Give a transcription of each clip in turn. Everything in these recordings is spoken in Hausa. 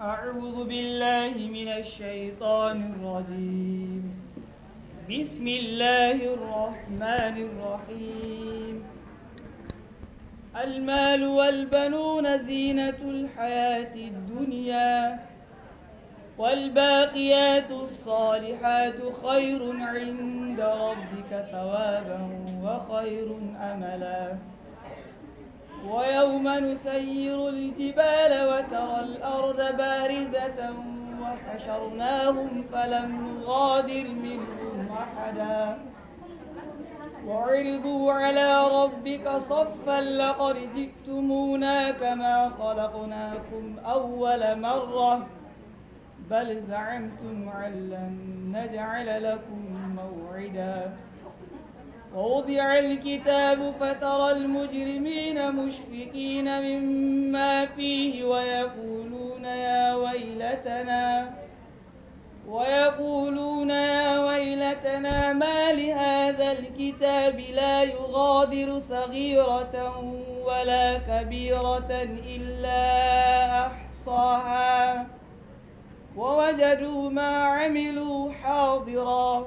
أعوذ بالله من الشيطان الرجيم بسم الله الرحمن الرحيم المال والبنون زينة الحياة الدنيا والباقيات الصالحات خير عند ربك ثوابا وخير أملاً ويوم نسير الجبال وترى الأرض بارزة وحشرناهم فلم نغادر منهم أحدا وعرضوا على ربك صفا لقد جئتمونا كما خلقناكم أول مرة بل زعمتم أن لن نجعل لكم موعدا ووضع الكتاب فترى المجرمين مشفقين مما فيه ويقولون يا ويلتنا ويقولون يا ويلتنا ما لهذا الكتاب لا يغادر صغيرة ولا كبيرة إلا أحصاها ووجدوا ما عملوا حاضراً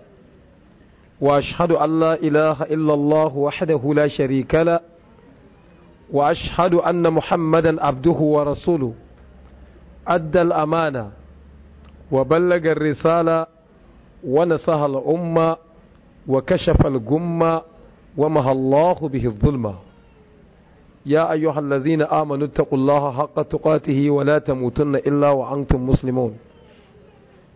وأشهد أن لا إله إلا الله وحده لا شريك له وأشهد أن محمدا عبده ورسوله أدى الأمانة وبلغ الرسالة ونصح الأمة وكشف الجمة ومه الله به الظلمة يا أيها الذين آمنوا اتقوا الله حق تقاته ولا تموتن إلا وأنتم مسلمون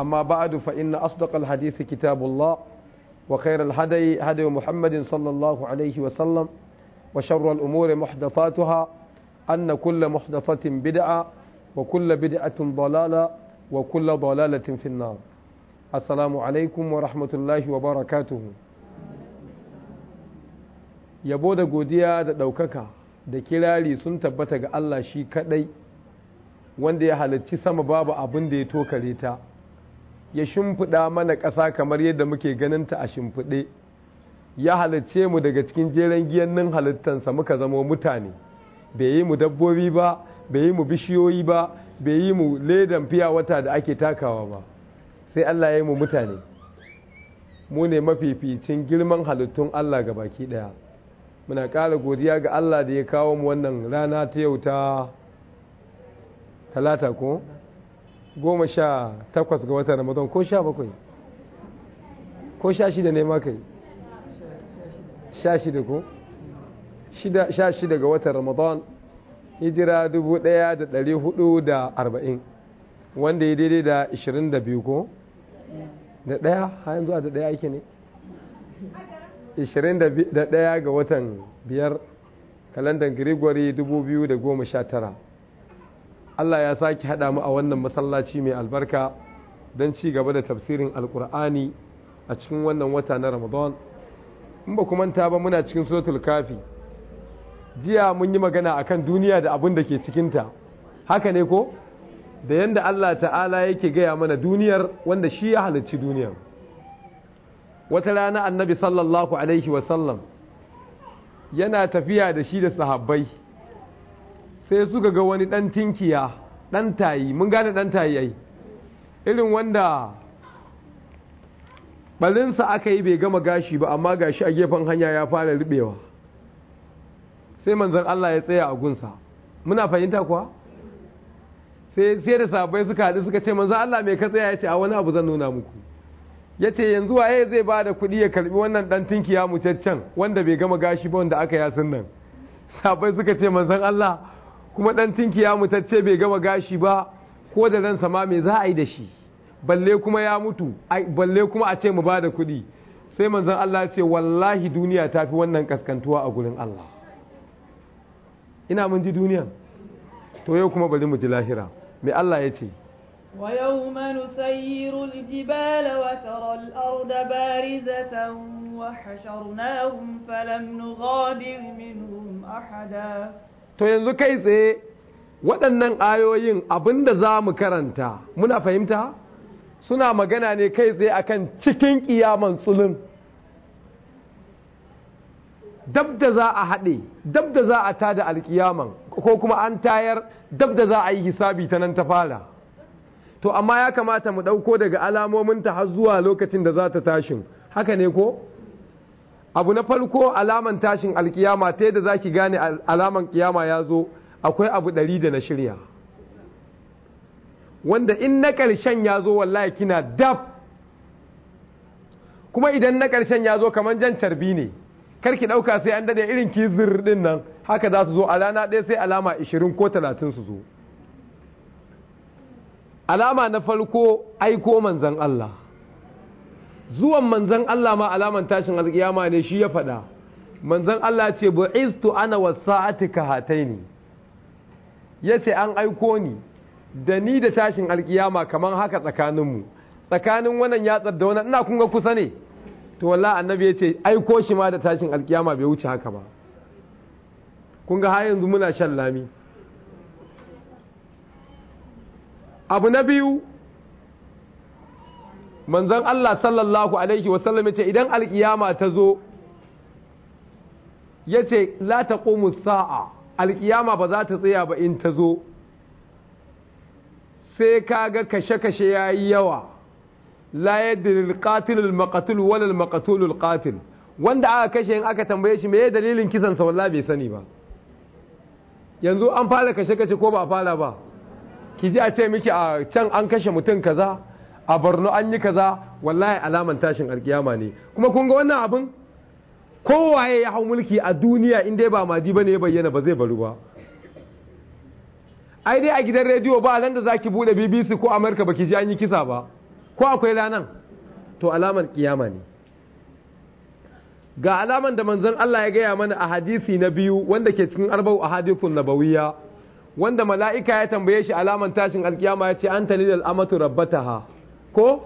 أما بعد فإن أصدق الحديث كتاب الله وخير الهدي هدي محمد صلى الله عليه وسلم وشر الأمور محدثاتها أن كل محدثة بدعة وكل بدعة ضلالة وكل ضلالة في النار السلام عليكم ورحمة الله وبركاته يبود da دوككا da ɗaukaka da kirari sun tabbata ga Allah shi kaɗai wanda ya halarci sama babu abin da ya tokare ta ya shimfiɗa mana ƙasa kamar yadda muke ganinta a shimfiɗe ya halicce mu daga cikin jeren nan halittansa muka zamo mutane bai yi mu dabbobi ba bai yi mu bishiyoyi ba bai yi mu ledan fiya wata da ake takawa ba sai Allah ya yi mu mutane mu ne mafificin girman halittun Allah ga baki ɗaya muna kara godiya ga Allah da ya kawo mu wannan rana ta yau ta talata ko? goma sha takwas ga watan ramadan ko sha bakwai ko sha shida ne makai? sha shida ko sha shida ga watan ramadan hijira dubu ɗaya da ɗari hudu da arba'in wanda ya daidai da ishirin da biyu ko da ɗaya har yanzu a da ɗaya ake ne ishirin da ɗaya ga watan biyar kalandar gregory dubu biyu da goma sha tara Allah ya sake haɗa mu a wannan masallaci mai albarka don ci gaba da tafsirin alkur'ani a cikin wannan wata na ramadan in ba manta ba muna cikin suratul kafi jiya mun yi magana a kan duniya da abin da ke cikinta haka ne ko da yadda Allah ta'ala yake gaya mana duniyar wanda shi ya halarci duniyar wata rana annabi sallallahu alaihi wasallam yana tafiya da shi da sahabbai sai suka ga wani ɗan tinkiya ɗan tayi mun gane ɗan tayi yi irin wanda balinsa aka yi bai gama gashi ba amma gashi a gefen hanya ya fara ribewa sai manzan Allah ya tsaya a gunsa muna fahimta kuwa sai sai da sabai suka haɗu suka ce manzan Allah mai ka tsaya ya ce a wani abu zan nuna muku ya ce yanzu waye zai ba da kuɗi ya karbi wannan ɗan tinkiya mucaccen wanda bai gama gashi ba wanda aka yasin nan sabai suka ce manzan Allah kuma ɗan tinki ya mutacce bai gama gashi ba ko da ransa ma mai za a yi da shi balle kuma ya mutu balle kuma a ce mu ba da kuɗi sai manzon Allah ce wallahi duniya ta fi wannan kaskantuwa a gurin Allah ina mun ji duniya to yau kuma bari mu ji lahira me Allah ya ce ويوم نسير الجبال وترى الأرض بارزة وحشرناهم فلم نغادر منهم أحدا to yanzu kai tsaye waɗannan ayoyin abinda za mu karanta muna fahimta suna magana ne kai tsaye akan cikin ƙiyaman tsulun dab da za a haɗe dab da za a tada alkiyaman ko kuma an tayar dab da za a yi hisabi ta nan ta fara to amma ya kamata mu ɗauko daga alamominta har zuwa lokacin da za ta tashin haka ne ko abu na farko alaman tashin alkiyama ta yadda za ki gane alaman kiyama ya zo akwai abu ɗari da na shirya wanda in na ƙarshen ya zo wallahi kina daf. kuma idan na ƙarshen ya zo kamar jan carbi ne karki ɗauka sai an daɗe irin ki ɗin nan haka za su zo a rana ɗaya sai alama ishirin ko talatin su zo alama na farko aiko manzan Allah zuwan manzan Allah ma alaman tashin alkiyama ne shi ya faɗa manzan Allah ce bu'istu ana hatai ne Ya ce an aiko ni da ni da tashin alkiyama kamar haka tsakaninmu tsakanin wannan ya da wannan ina kunga kusa ne to wallahi annabi ya ce aiko shi ma da tashin alkiyama bai wuce haka ba kunga har yanzu muna shan lami abu na biyu manzon Allah sallallahu alaihi wasallam yace idan alkiyama ta zo yace la taqumu sa'a alkiyama ba za ta tsaya ba in ta zo sai kaga kashe-kashe yayi yawa la yadril qatil maqtul wal wanda aka kashe in aka tambaye shi meye dalilin kisan sa wallahi bai sani ba yanzu an fara kashe-kashe ko ba fara ba ki ji a ce miki a can an kashe mutum kaza a barno an yi kaza wallahi alaman tashin alkiyama ne kuma kun ga wannan abin kowaye ya hau mulki a duniya in dai ba madi bane ya bayyana ba zai bari ba ai dai a gidan rediyo ba nan da zaki bude BBC ko Amerika baki ji an yi kisa ba ko akwai ranan to alaman kiyama ne ga alaman da manzon Allah ya gaya mana a hadisi na biyu wanda ke cikin arba'u ahadithun nabawiyya wanda mala'ika ya tambaye shi alaman tashin alkiyama ya ce anta lil amatu rabbataha ko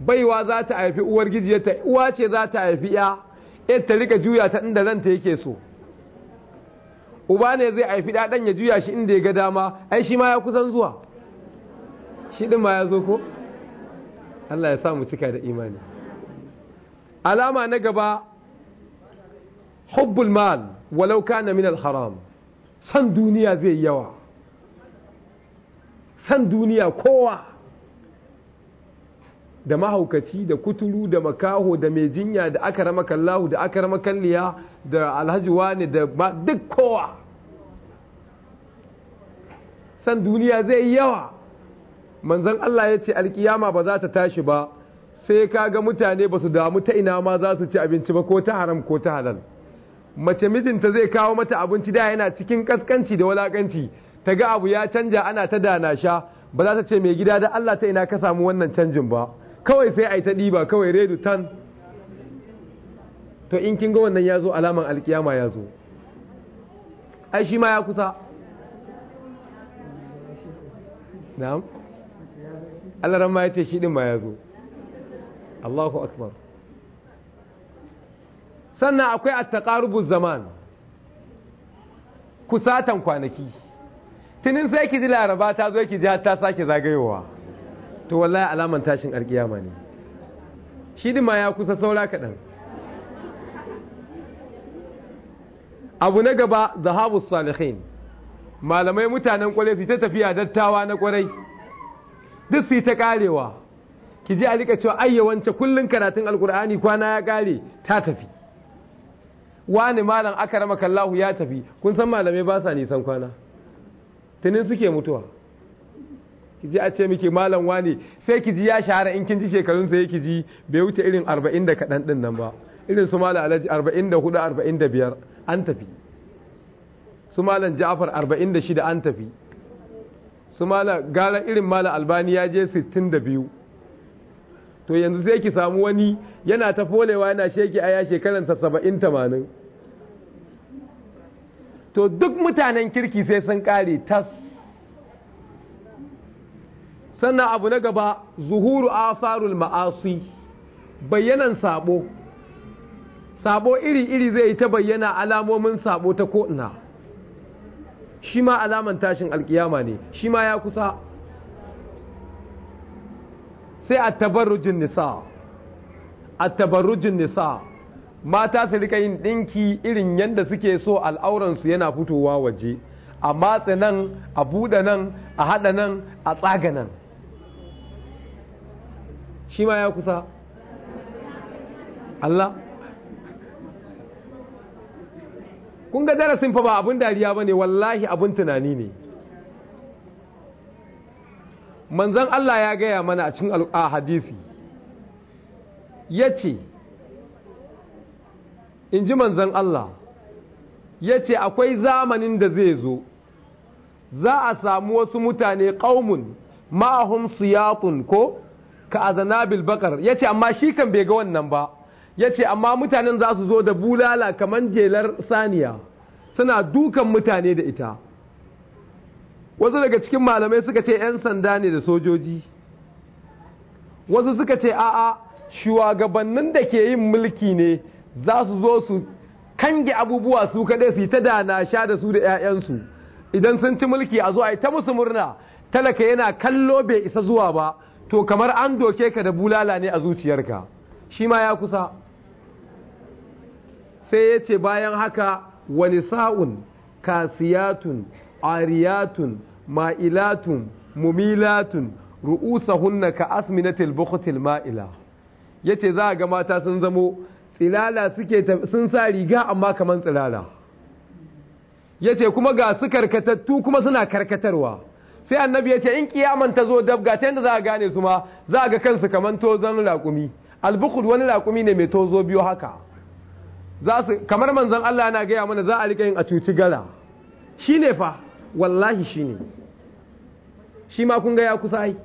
baiwa za ta haifi uwar gijiyarta uwa ce za ta haifi ya yadda ta rika juya ta inda zanta yake so uba ne zai haifi ɗaɗan ya juya shi inda ya ga dama ai shi ma ya kusan zuwa shi ɗin ma ya zo ko Allah ya sa mu cika da imani alama na gaba hubbul mal walau kana min haram san duniya zai yawa san duniya kowa da mahaukaci da kuturu da makaho da mai jinya da aka rama kallahu da aka rama kalliya da alhajiwa wani da ba duk kowa san duniya zai yi yawa manzon Allah ya ce alkiyama ba za ta tashi ba sai ka ga mutane ba su damu ta ina ma za su ci abinci ba ko ta haram ko ta halal mace mijinta zai kawo mata abinci da yana cikin kaskanci da walakanci ta ga abu ya canja ana ta dana sha ba za ta ce mai gida da Allah ta ina ka samu wannan canjin ba kawai sai a yi ta ɗiba kawai redu tan to in kin ga wannan ya zo alaman alkiyama ya zo ai shi ma ya kusa na'am Allah ma ya ce shi ɗin ma ya zo Allahu akbar sannan akwai at zaman kusatan kwanaki tunin sai ki ji laraba ta zo ki ji ta sake zagayowa to wallahi alaman tashin alkiyama ne shi ma ya kusa saura kaɗan abu na gaba zahabu salihin malamai mutanen kwarai su ta tafiya dattawa na kwarai duk su ta karewa ki ji a rika cewa ayyawance kullum karatun alkur'ani kwana ya kare ta tafi wani malam aka rama kallahu ya tafi kun san malamai ba sa nisan kwana tunin suke mutuwa ki ji a ce miki malam wani sai ki ji ya shahara in kin ji shekarun sai ki ji bai wuce irin 40 da kadan din nan ba irin su malam alhaji 44 45 an tafi su malam ja'far 46 an tafi su malam gara irin malam albani ya je 62 to yanzu sai ki samu wani yana ta folewa yana sheki aya shekaran sa 70 80 to duk mutanen kirki sai sun kare tas sannan abu na gaba zuhuru asarul ma'asi bayyanan sabo sabo iri-iri zai yi ta bayyana alamomin sabo ta ko'ina shi ma alaman tashin alkiyama ne shi ma ya kusa sai a tabarrujin nisa a tabarrujin nisa mata su rika yin ɗinki irin yadda suke so al'auransu yana fitowa waje a matsa nan a buɗe nan a haɗa nan a tsaga nan shi ma ya kusa Allah kun ga darasin fa ba abin dariya ba ne wallahi abin tunani ne manzan Allah ya gaya mana a cikin hadisi ya ce in ji manzan Allah ya ce akwai zamanin da zai zo za a samu wasu mutane ƙaumun ma'ahum siyatun ko ka azanabil bakar ce, amma shi kan bai ga wannan ba Ya ce, amma mutanen za su zo da bulala kamar jelar saniya suna dukan mutane da ita wasu daga cikin malamai suka ce 'yan sanda ne da sojoji wasu suka ce a'a shugabannin da ke yin mulki ne za su zo su kange abubuwa su kaɗai su yi ta dana sha da su da 'ya'yansu idan sun ci mulki a zo a yi musu murna talaka yana kallo bai isa zuwa ba to kamar an doke ka da bulala ne a zuciyarka shi ma ya kusa sai ya ce bayan haka wani sa'un kasiyatun ariyatun ma'ilatun mumilatun ru'usahunna ka asminatil bukutil ma'ila Ya ce za a ga mata sun zamo tsilala suke sun sa riga amma kamar tsilala Ya ce kuma ga su karkatattu kuma suna karkatarwa sai annabi ya ce in kiyaman ta zo dab ga ta yadda za a gane su ma za a ga kansu kamar tozon laƙumi albukud wani laƙumi ne mai tozo biyu haka za su kamar manzon Allah yana gaya mana za a rika yin a cuci gara shi ne fa wallahi shi ne shi ma kun ga ya kusa yi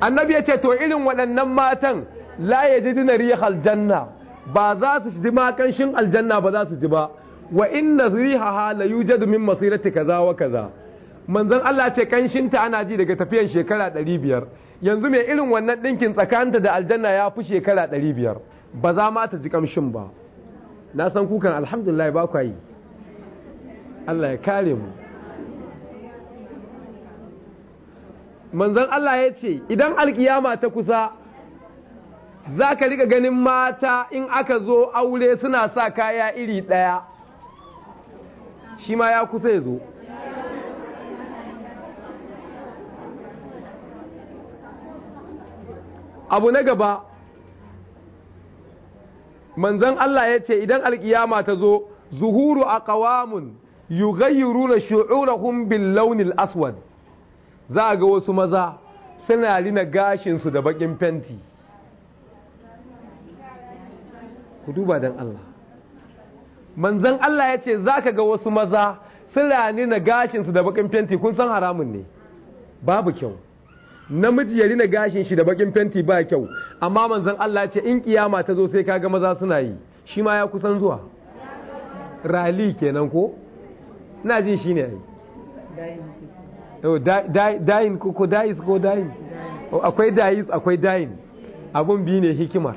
annabi ya ce to irin waɗannan matan la ya ji aljanna ba za su ji ma aljanna ba za su ji ba wa inna rihaha la yujadu min masirati kaza wa kaza manzon Allah ce kanshinta ana ji daga tafiyan shekara 500 yanzu mai irin wannan dinkin tsakanta da aljanna ya fi shekara 500 ba za ma ta ji kamshin ba na san kukan alhamdulillah ba ku yi Allah ya kare mu manzon Allah ya ce idan alkiyama ta kusa za ka riga ganin mata in aka zo aure suna sa kaya iri ɗaya shi ma ya kusa ya zo abu na gaba manzon Allah ya ce idan alkiyama ta zo zuhuru a aqwamun yughayyiruna shu'urahum bil launin aswad za a ga wasu maza suna rina gashinsu da bakin fenti ku duba don Allah manzan Allah ya ce za ka ga wasu maza sirani na gashinsu da bakin fenti kun san haramun ne babu kyau namiji ya rina gashin shi da bakin fenti ba kyau amma manzan Allah ce in kiyama ta zo sai ka ga maza suna yi shi ma ya kusan zuwa rali kenan ko na jin shi ne yi akwai dayis akwai dayin abun biyu ne hikimar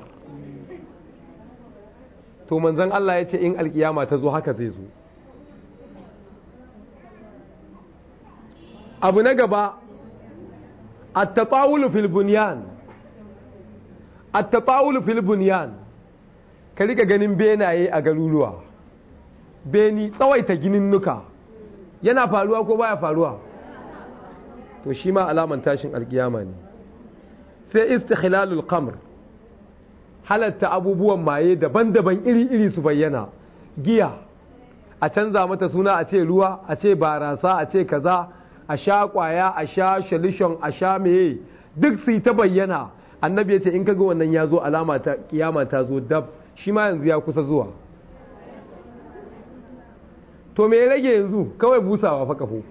to manzon Allah ya ce in alkiyama ta zo haka zai zo abu na gaba a tatawul fil a at-tatawul ka rika ganin benaye a garuruwa beni tsawaita ginin nuka yana faruwa ko baya faruwa to shi ma alamantashin tashin alkiyama ne sai istihilalul khamr halatta abubuwan maye daban-daban iri-iri su bayyana giya a canza mata suna a ce ruwa a ce barasa a ce kaza a sha kwaya a sha shalishon a sha meye duk su yi ta bayyana annabi ya ce in kaga wannan ya zo alama ta kiyama ta zo dab shi ma yanzu ya kusa zuwa to me rage yanzu kawai busawa fa kafo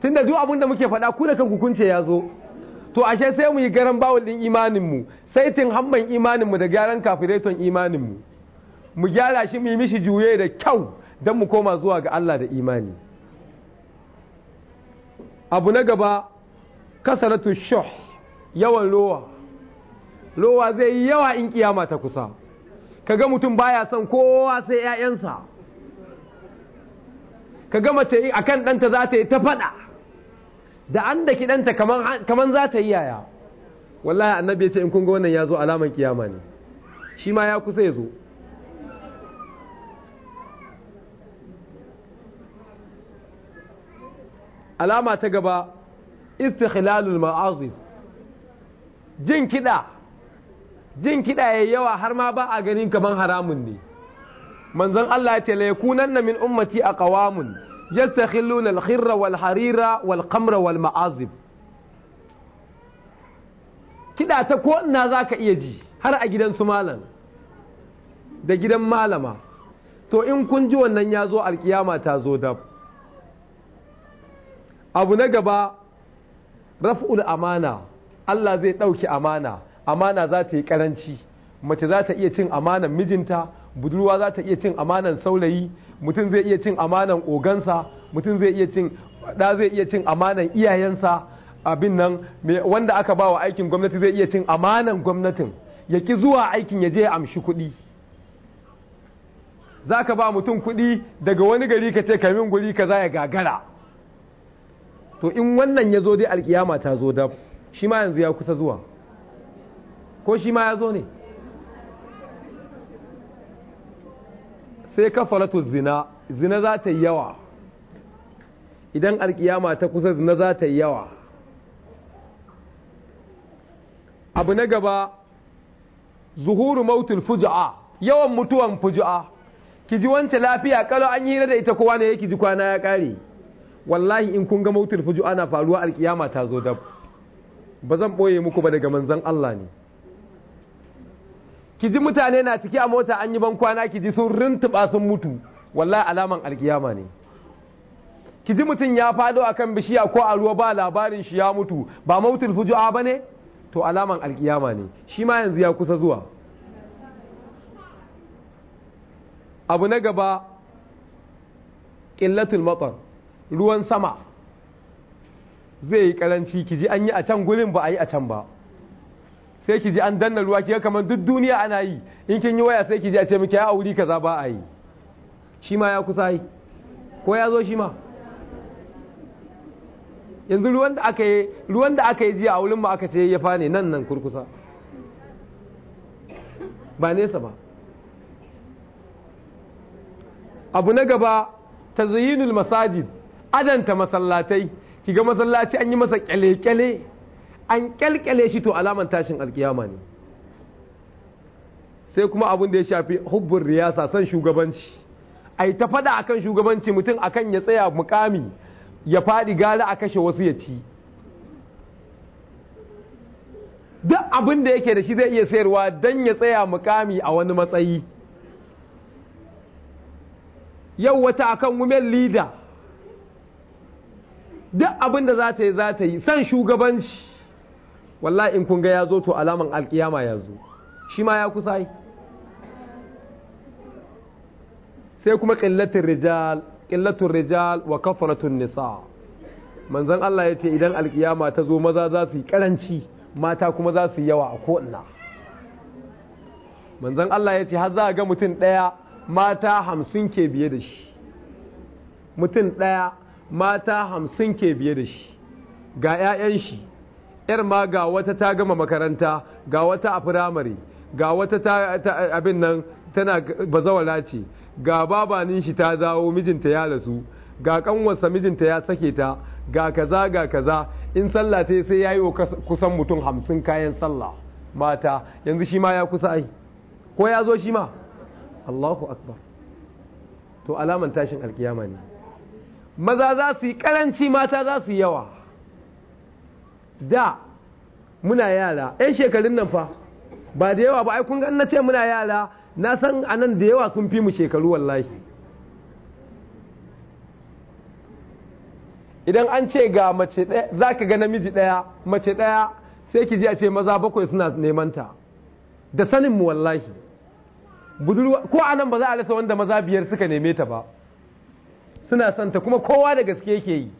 tunda duk abin da muke faɗa ku da kanku kunce ya zo to ashe sai mu yi garan bawul din imaninmu saitin hamman imaninmu da gyaran kafireton imaninmu mu gyara shi mu yi mishi juye da kyau don mu koma zuwa ga Allah da imani abu na gaba kasaratu shuh yawan rowa rowa zai yi yawa in kiyama ta kusa kaga mutum baya son kowa sai 'ya'yansa kaga mace akan ɗanta za ta yi ta faɗa da an da kiɗanta kaman za ta yi yaya wallahi annabi ya ce in kun ga wannan ya zo alaman kiyama ne shi ma ya kusa ya zo alama ta gaba istikhlalul ma'azif jin kiɗa jin kiɗa yayi yawa har ma ba a ganin kaman haramun ne manzon Allah ya ce la yakunanna min ummati ƙawamun. yastakhilluna al-khirra wal harira wal qamra wal kida ta ko ina zaka iya ji har a gidan su malam da gidan malama to in kun ji wannan ya zo alkiyama ta zo dab abu na gaba raf'ul amana Allah zai ɗauki amana amana za ta yi ƙaranci mace za ta iya cin amanan mijinta budurwa za ta iya cin amanan saurayi mutum zai iya cin amanan ogansa mutum zai iya cin da zai iya cin amanan iyayensa abin nan wanda aka ba wa aikin gwamnati zai iya cin amanan gwamnatin ya ki zuwa aikin ya je ya amshi kuɗi za ka ba mutum kuɗi daga wani gari ka ce kamin guri ka za ya gagara to in wannan ya zo dai alkiyama ta zo dab shi ma yanzu ya kusa zuwa ko shi ma ya zo ne sai kafalatu zina zina za ta yi yawa idan alkiyama ta kusa zina za ta yi yawa abu na gaba zuhuru mautul fuja'a yawan mutuwan fuja'a ki ji wance lafiya kalo an yi da ita kowa ne yake ji kwana ya kare wallahi in kun ga mautul fuja'a na faruwa alkiyama ta zo dab ba zan boye muku ba daga manzan Allah ne ki ji mutane na ciki a mota an yi ban kwana ki ji sun rintuba sun mutu wallahi alaman alkiyama ne ki ji mutum ya fado akan bishiya ko a ruwa ba labarin shi ya mutu ba mautul fujua bane to alaman alkiyama ne shi ma yanzu ya kusa zuwa abu na gaba ƙillatul matar ruwan sama zai yi ƙaranci ki ji an yi a can gurin ba a yi a can ba sai ki ji an danna ruwa ki kamar duk duniya ana yi in kin yi waya sai ki ji a ce miki ya auri kaza ba a yi shi ma ya kusa yi ko ya zo shi ma yanzu ruwan da aka yi ruwan da aka yi jiya a wurin mu aka ce ya fane nan nan kurkusa ba nesa ba abu na gaba tazyinul masajid adanta masallatai ki ga masallaci an yi masa kyale-kyale an kyalkyale shi to alaman tashin alkiyama ne sai kuma abin da ya shafi hubbun riyasa san shugabanci a yi ta fada akan shugabanci mutum akan ya tsaya mukami ya faɗi gada a kashe wasu ya ci duk abin da yake da shi zai iya sayarwa don ya tsaya mukami a wani matsayi yau wata akan wumen leader duk abin da za ta yi za ta yi san shugabanci wallahi in kun ga ya zo to alaman alkiyama ya zo shi ma ya kusa yi sai kuma ƙillatun rijal ƙillatun rijal wa kafaratun nisa manzan Allah ya ce idan alkiyama ta zo maza za su yi ƙaranci mata kuma za su yi yawa a ko'ina manzan Allah ya ce har za a ga mutum ɗaya mata hamsin ke biye da shi mutum ɗaya mata hamsin ke biye da shi ga 'ya'yan shi yar ma ga wata ta gama makaranta ga wata a firamare ga wata abin nan tana bazawala ce ga babanin shi ta zawo mijinta ya rasu ga kanwarsa mijinta ya sake ta ga kaza ga kaza in sallah ta sai yi wa kusan mutum hamsin kayan sallah mata yanzu shi ma ya kusa ai ko ya zo shi ma Allahu akbar to alaman tashin alkiyama ne maza za su yi karanci mata za su yi yawa da muna yara yan shekarun nan fa ba da yawa ba ai kun na ce muna yara na san anan da yawa sun fi mu shekaru wallahi idan an ce ga mace ɗaya za ka ga namiji ɗaya mace ɗaya sai ki ji a ce maza bakwai suna neman ta da sanin mu wallahi budurwa ko nan ba za a rasa wanda maza biyar suka neme ta ba suna santa kuma kowa da gaske ke yi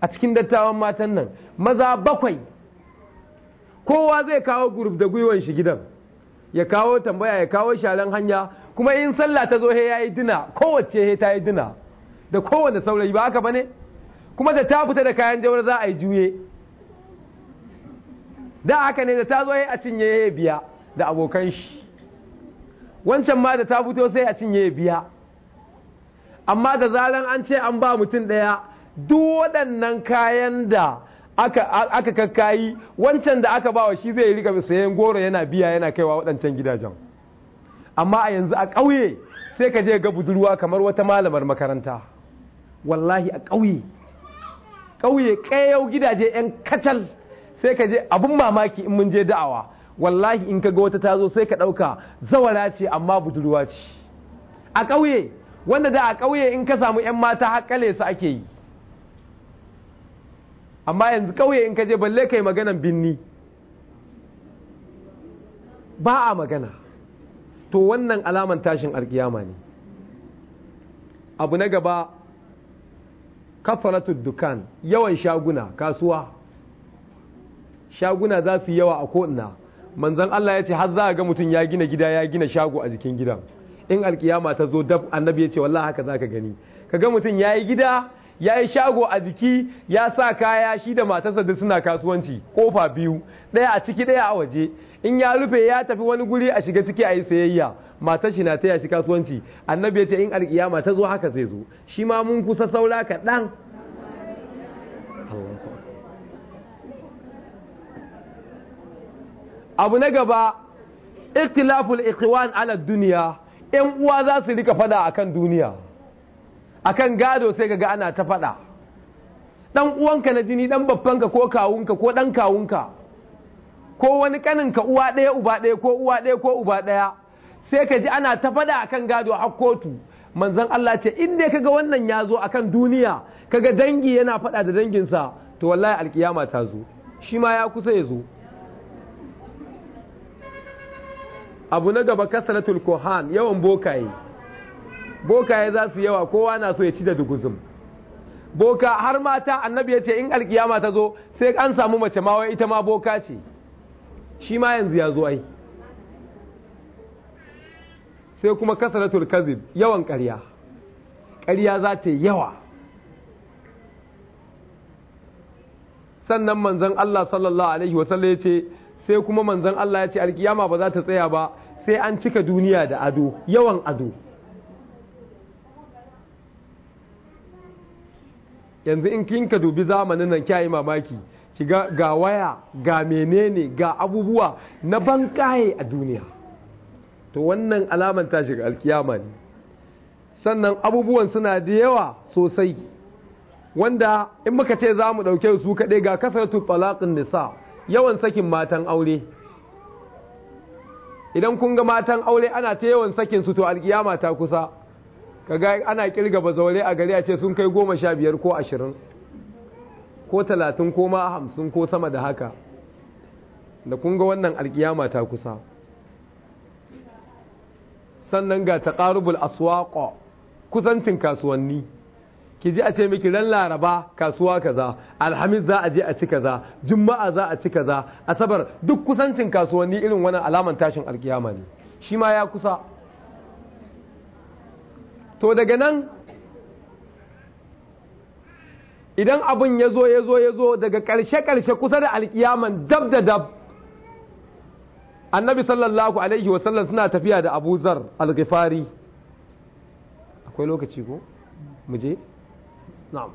a cikin dattawan matan nan maza bakwai kowa zai kawo gurub da gwiwan shi gidan ya kawo tambaya ya kawo sharan hanya kuma in sallah ta zo he ya yi duna kowace he ta yi duna da kowane saurayi ba haka bane kuma da ta fita da kayan jawar za a yi juye da haka ne da ta zo a cinye ya biya da abokan shi wancan ma da ta fito sai a cinye ya biya amma da zaran an ce an ba mutum ɗaya duk waɗannan kayan da aka aka kakkayi wancan da aka bawa shi zai rika sayan goro yana biya yana kaiwa waɗancan gidajen amma a yanzu a ƙauye sai ka je ga budurwa kamar wata malamar makaranta wallahi a ƙauye ƙauye ƙayau gidaje 'yan katal sai ka je abin mamaki in mun je da'awa wallahi in ka ga wata ta zo sai ka ɗauka zawara ce amma budurwa ce a ƙauye wanda da a ƙauye in ka samu 'yan mata haƙƙale su ake yi amma yanzu ƙauye in ka je balle kai maganan binni ba a magana to wannan alaman tashin alkiyama ne abu na gaba kafaratu dukan yawan shaguna kasuwa shaguna za su yawa a ko'ina manzan Allah ya ce har za a ga mutum ya gina gida ya gina shago a jikin gidan in alkiyama ta zo dab annabi ya ce wallah haka za ka gani ka ga mutum ya yi gida ya yi shago a jiki ya sa kaya shi da matarsa duk suna kasuwanci kofa biyu ɗaya a ciki ɗaya a waje in ya rufe ya tafi wani guri a shiga ciki a yi sayayya matar shi na taya shi kasuwanci annabi ya ce in alkiyama ta zo haka zai zo shi ma mun kusa saura kaɗan abu na gaba ikhtilaful ikhwan ala duniya yan uwa za su rika fada akan duniya akan gado sai ga ana ta faɗa ɗan uwanka na jini ɗan babbanka ko kawunka ko ɗan kawunka ko wani ƙaninka uwa ɗaya uba ɗaya ko uwa ɗaya ko uba ɗaya sai ka ji ana ta faɗa akan gado a kotu manzon Allah ce in dai kaga wannan ya zo akan duniya kaga dangi yana faɗa da danginsa to wallahi alkiyama ta zo shi ma ya kusa ya zo abu na gaba kasalatul kohan yawan bokaye bokaye za su yawa kowa na so ya ci da duguzum boka har mata annabi ya ce in alkiyama ta zo sai an samu mace mawa ita ma boka ce shi ma yanzu ya zo ai sai kuma kasaratul kazib yawan ƙarya ƙarya za ta yawa sannan manzan Allah sallallahu alaihi wasallam ya ce sai kuma manzan Allah ya ce alkiyama ba za ta tsaya ba sai an cika duniya da ado yawan ado yanzu in kin ka dubi zamanin nan kyayi mamaki ki ga ga waya ga menene ga abubuwa na ban kaye a duniya to wannan alaman ta shiga alkiyama ne sannan abubuwan suna da yawa sosai wanda in muka ce za mu ɗauke su kaɗai ga kasaratu falaƙin nisa yawan sakin matan aure idan kun ga matan aure ana ta yawan sakin su to alkiyama ta kusa ka ga ana kirga bazaure a gari a ce sun kai goma sha biyar ko ashirin ko talatin ko ma hamsin ko sama da haka da kun ga wannan alkiyama ta kusa sannan ga taqarubul aswaƙo kusancin kasuwanni ki ji a ce miki ran laraba kasuwa kaza alhamis za a je a ci kaza juma'a za a ci kaza asabar duk kusancin kasuwanni irin wannan alaman tashin alkiyama ne shi ma ya kusa to daga nan idan abin ya zo ya zo ya zo daga ƙarshe-ƙarshe kusa da alkiyaman dab da dab annabi sallallahu alaihi wasallam suna tafiya da abuzar alghifari akwai lokaci ko muje na'am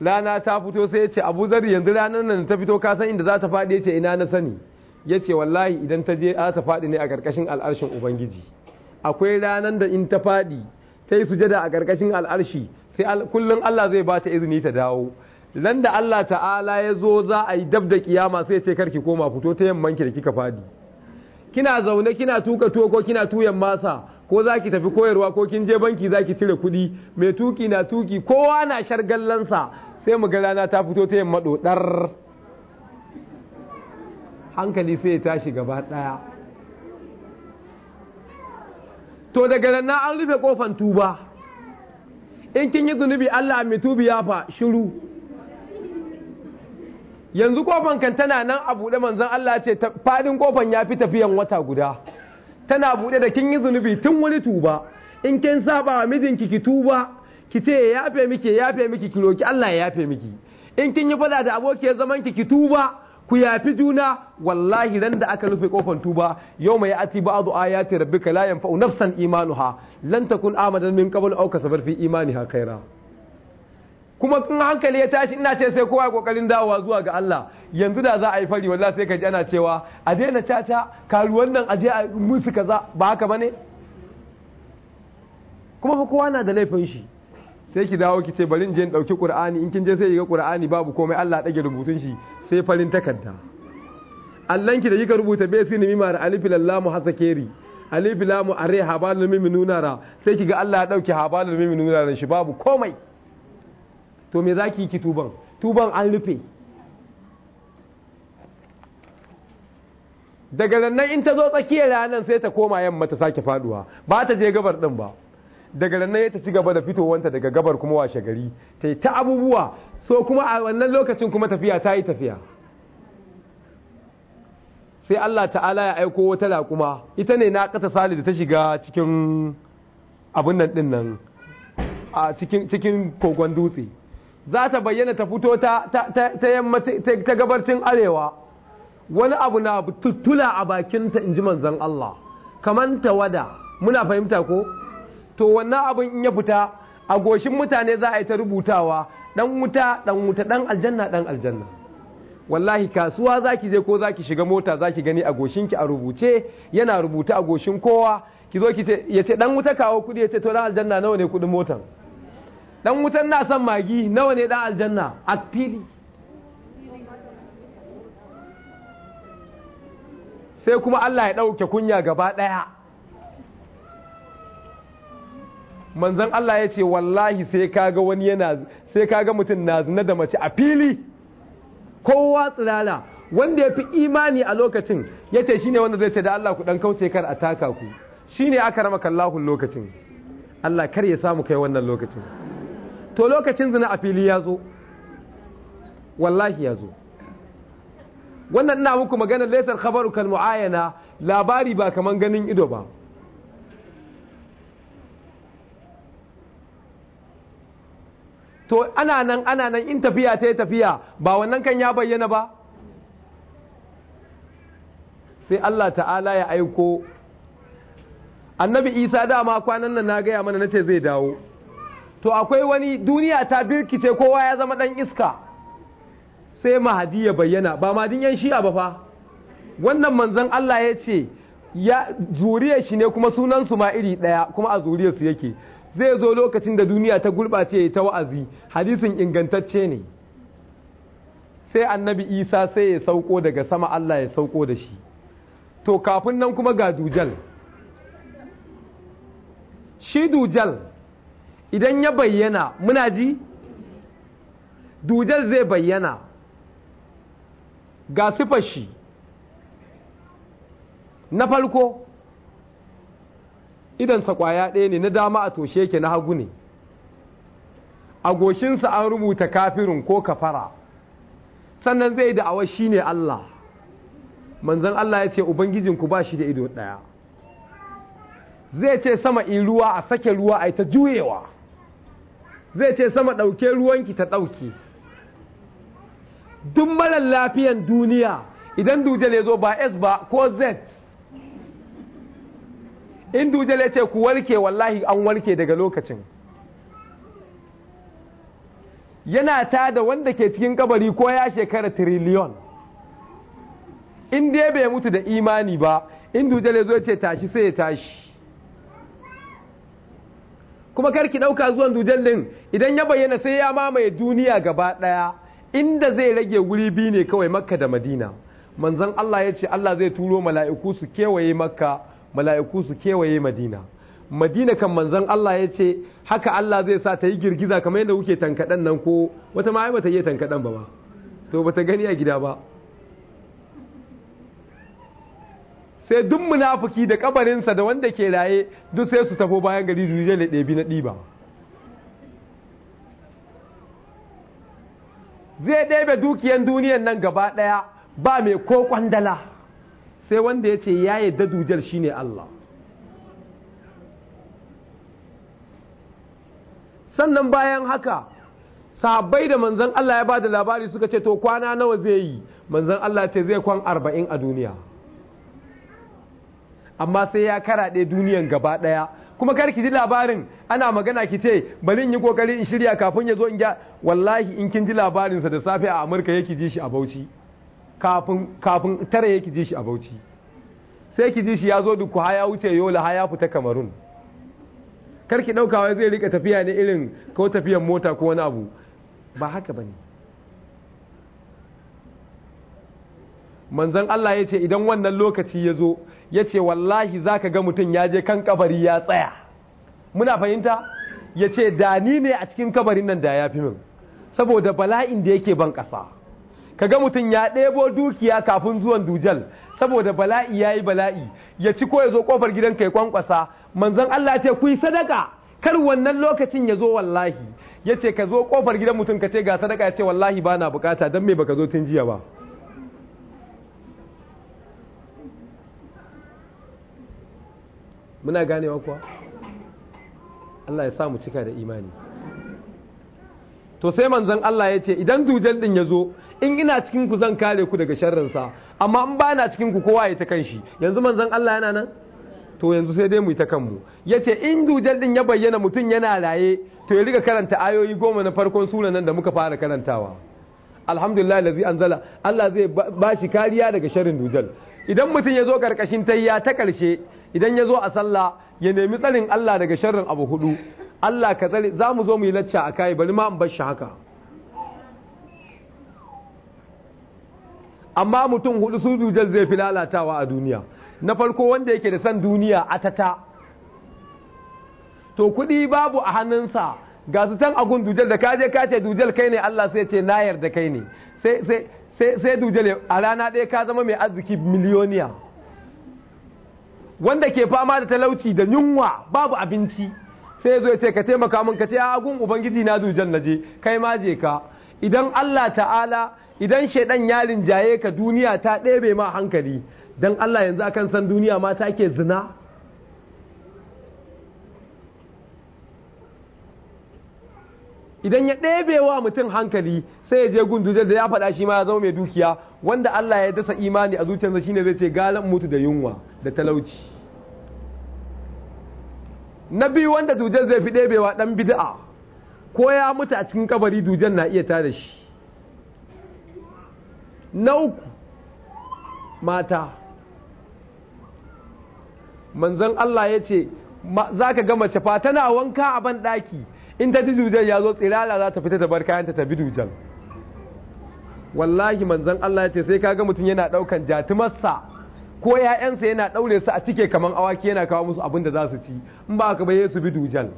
rana ta fito sai ya ce abuzar yanzu ranar nan ta fito ka san inda za ta faɗi ya ce ina na sani ya ce wallahi idan ta je ta faɗi ne a ƙarƙashin al'arshin ubangiji akwai ranar da in ta faɗi ta yi sujada a ƙarƙashin al'arshi sai kullum Allah zai ba ta izini ta dawo nan da Allah ta'ala ya zo za a yi dab da ƙiyama sai ce karki koma fito ta yamman ki da kika fadi kina zaune kina tuka tuwo ko kina tuyan masa ko za ki tafi koyarwa ko kin je banki za ki cire kuɗi mai tuki na tuki kowa na shargallansa sai mu ga rana ta fito ta yamma ɗoɗar hankali sai ya tashi gaba ɗaya to daga nan an rufe kofan tuba in kin yi zunubi Allah mai tubi ya fa shiru yanzu kofan kan tana nan a buɗe manzon Allah ce faɗin kofan ya fi tafiyan wata guda tana buɗe da kin yi zunubi tun wani tuba in kin saba wa mijinki ki tuba ki ce ya yafe miki ya yafe miki ki roki Allah ya yafe miki in kin yi fada da abokiyar zaman ki ki tuba ku yafi juna wallahi ran da aka rufe kofar tuba yau mai ati ba'adu ayati rabbika la yanfa'u nafsan imanuha lan takun amadan min qabl aw kasabar fi imaniha khaira kuma kun hankali ya tashi ina ce sai kowa ya kokarin dawowa zuwa ga Allah yanzu da za a yi fari wallahi sai ka ji ana cewa a daina caca karuwan nan a je a musu kaza ba haka bane kuma fa kowa na da laifin shi sai ki dawo ki ce bari in je in dauki qur'ani in kin je sai ki ga qur'ani babu komai Allah dage rubutun shi sai farin takarda allan ki da kika rubuta bai sinimi mar alif lallamu hasakeri alif lamu are habalul nunara sai ki ga Allah ya dauki habalul nunara shi babu komai to me zaki ki tuban tuban an rufe daga nan in ta zo tsakiyar ranar sai ta koma yamma ta sake faduwa ba ta je gabar din ba daga nan ya ta ci gaba da fitowanta daga gabar kuma washe gari ta yi ta abubuwa so kuma a wannan lokacin kuma tafiya ta yi tafiya sai Allah ta'ala ya aiko wata da kuma ita ne na kata sali da ta shiga cikin abin nan din nan a cikin kogon dutse za ta bayyana ta fito ta gabarcin arewa wani abu na tutula a bakinta in ji manzan Allah kamar tawada muna fahimta ko to wannan abin in ya fita a goshin mutane za a yi ta rubutawa dan wuta dan wuta dan aljanna dan aljanna wallahi kasuwa zaki je ko zaki shiga mota zaki gani a goshinki a rubuce yana rubuta a goshin kowa ki zo ki ce ya ce dan wuta kawo kudi ya ce to dan aljanna nawa ne kudin motan dan wutan na san magi nawa ne dan aljanna a fili sai kuma Allah ya ɗauke kunya gaba ɗaya manzon Allah ya ce wallahi sai ga wani yana sai kaga mutum na zina da mace a fili kowa tsirala wanda ya fi imani a lokacin ya ce shi ne wanda zai ce da Allah ku ɗan kauce kar a taka ku Shi ne aka rama kallahun lokacin Allah kar ya samu kai wannan lokacin to lokacin zina a fili ya zo wallahi ya zo wannan ina muku maganar laisar khabaru kal mu'ayana labari ba kaman ganin ido ba to ana nan ana nan in tafiya ta tafiya ba wannan kan ya bayyana ba sai Allah ta'ala ya aiko annabi isa dama kwanan nan na gaya mana nace zai dawo to akwai wani duniya ta birkice kowa ya zama dan iska sai mahadi ya bayyana ba mahadin yan shi'a ba fa wannan manzon Allah ya ce ya zuriyar shi ne kuma sunan su ma iri daya kuma a zuriyar su yake zai zo lokacin da duniya ta gurɓace ta wa'azi hadisin ingantacce ne sai annabi isa sai ya sauko daga sama allah ya sauko da shi to kafin nan kuma ga dujal shi dujal idan ya bayyana muna ji dujal zai bayyana ga sifar shi na farko idansa kwaya ɗaya ne na dama a toshe ke na hagu ne a goshinsa an rubuta kafirin ko kafara sannan zai awa shi ne Allah manzan Allah ya ce ubangijinku ba shi da ido ɗaya zai ce sama in ruwa a sake ruwa a ta juyewa zai ce sama ɗauke ruwanki ta ɗauke duk marar lafiyan duniya idan duje ne zo ba s ba ko z in dujal ya ce ku warke wallahi an warke daga lokacin yana ta da wanda ke cikin kabari ko ya shekara tiriliyon in dai bai mutu da imani ba in dujal ya zo ce tashi sai ya tashi kuma karki ɗauka zuwan dujal din idan ya bayyana sai ya mamaye duniya gaba ɗaya inda zai rage wuri biyu ne kawai makka da madina manzon allah ya ce allah zai turo mala'iku su kewaye makka mala'iku su kewaye madina madina kan manzan Allah ya ce haka Allah zai sa ta yi girgiza kamar yadda kuke tankaɗan nan ko wata ma ba ta iya tankaɗan ba ba to ba ta gani a gida ba sai duk munafuki da kabarinsa da wanda ke raye duk sai su tafo bayan gari zai ne ɗebi na ɗiba zai ɗebe dukiyan duniyan nan gaba ɗaya ba mai ko kwandala sai wanda ya ce ya yadda shi ne Allah sannan bayan haka sahabbai da manzan Allah ya ba da labari suka ce to kwana nawa zai yi manzan Allah ce zai kwan arba'in a duniya amma sai ya karaɗe duniyan gaba ɗaya kuma kar ki ji labarin ana magana ki ce bari in yi kokari in shirya kafin ya zo in ga wallahi in kin ji labarinsa da safe a amurka yake ji shi a bauchi kafin tara yake ji shi a Bauchi sai ki ji shi ya zo duku haya wuce yola haya fita kamarun karki dauka wai zai rika tafiya ne irin ko tafiyan mota ko wani abu ba haka bane manzon Allah ya ce idan wannan lokaci ya zo yace wallahi za ka ga mutum ya je kan kabari ya tsaya muna fahimta yace ce da ni ne a cikin kabarin nan da ya fi min saboda bala'in da yake ban ƙasa Ka ga mutum ya ɗebo dukiya kafin zuwan dujal saboda bala'i ya yi bala'i ya ci ko ya zo gidan ka ya kwankwasa manzon Allah ce ku yi sadaka kar wannan lokacin ya zo wallahi ya ce ka zo ƙofar gidan mutum ka ce ga sadaka ya ce wallahi ba na bukata don me baka zo tun jiya ba muna ganewa kuwa Allah ya sa mu cika da imani to sai manzon Allah ya ce idan dujal din ya zo in ina cikin ku zan kare ku daga sharrinsa amma in ba na cikin ku kowa ya ta kan shi yanzu manzon Allah yana nan to yanzu sai dai mu ta kanmu ce in dujal din ya bayyana mutum yana raye to ya riga karanta ayoyi goma na farkon sunan nan da muka fara karantawa alhamdulillah lazi anzala Allah zai bashi kariya daga sharrin dujal idan mutum ya zo karkashin tayya ta karshe idan ya zo a sallah ya nemi tsarin Allah daga sharrin abu hudu Allah ka tsare za mu zo mu yi lacca a kai bari ma in bar shi haka amma mutum hudu su dujal zai fi lalatawa a duniya na farko wanda yake da san duniya a tata to kudi babu a hannunsa ga su can agun dujal da kaje kace dujal kai ne Allah sai ce na yarda kai ne sai sai sai a rana ɗaya ka zama mai arziki miliyoniya wanda ke fama da talauci da yunwa babu abinci sai zo ya ce ka taimaka mun ka ce agun ubangiji na dujal naje kai ma je ka idan Allah ta'ala idan shaidan ya rinjaye ka duniya ta ɗebe ma hankali don Allah yanzu akan san duniya ma ta ke zina idan ya ɗebe wa mutum hankali sai ya je gunduje da ya faɗa shi ma ya zama mai dukiya wanda Allah ya dasa imani a zuciyarsa shine zai ce galan mutu da yunwa da talauci na biyu wanda dujan zai fi ɗebewa ɗan bid'a ko ya mutu a cikin kabari dujan na iya tada shi na uku mata manzan Allah ya ce za ka gama cefa tana wanka a ban ɗaki in ta dujujen ya zo tsirala za ta fita ta bar kayanta ta bi dujan wallahi manzon Allah ya ce sai ka ga mutum yana ɗaukan jatumarsa ko ‘ya'yansa yana ɗaure su a cike kamar awaki yana kawo musu abin da za su ci in ba ka baye su bi dujan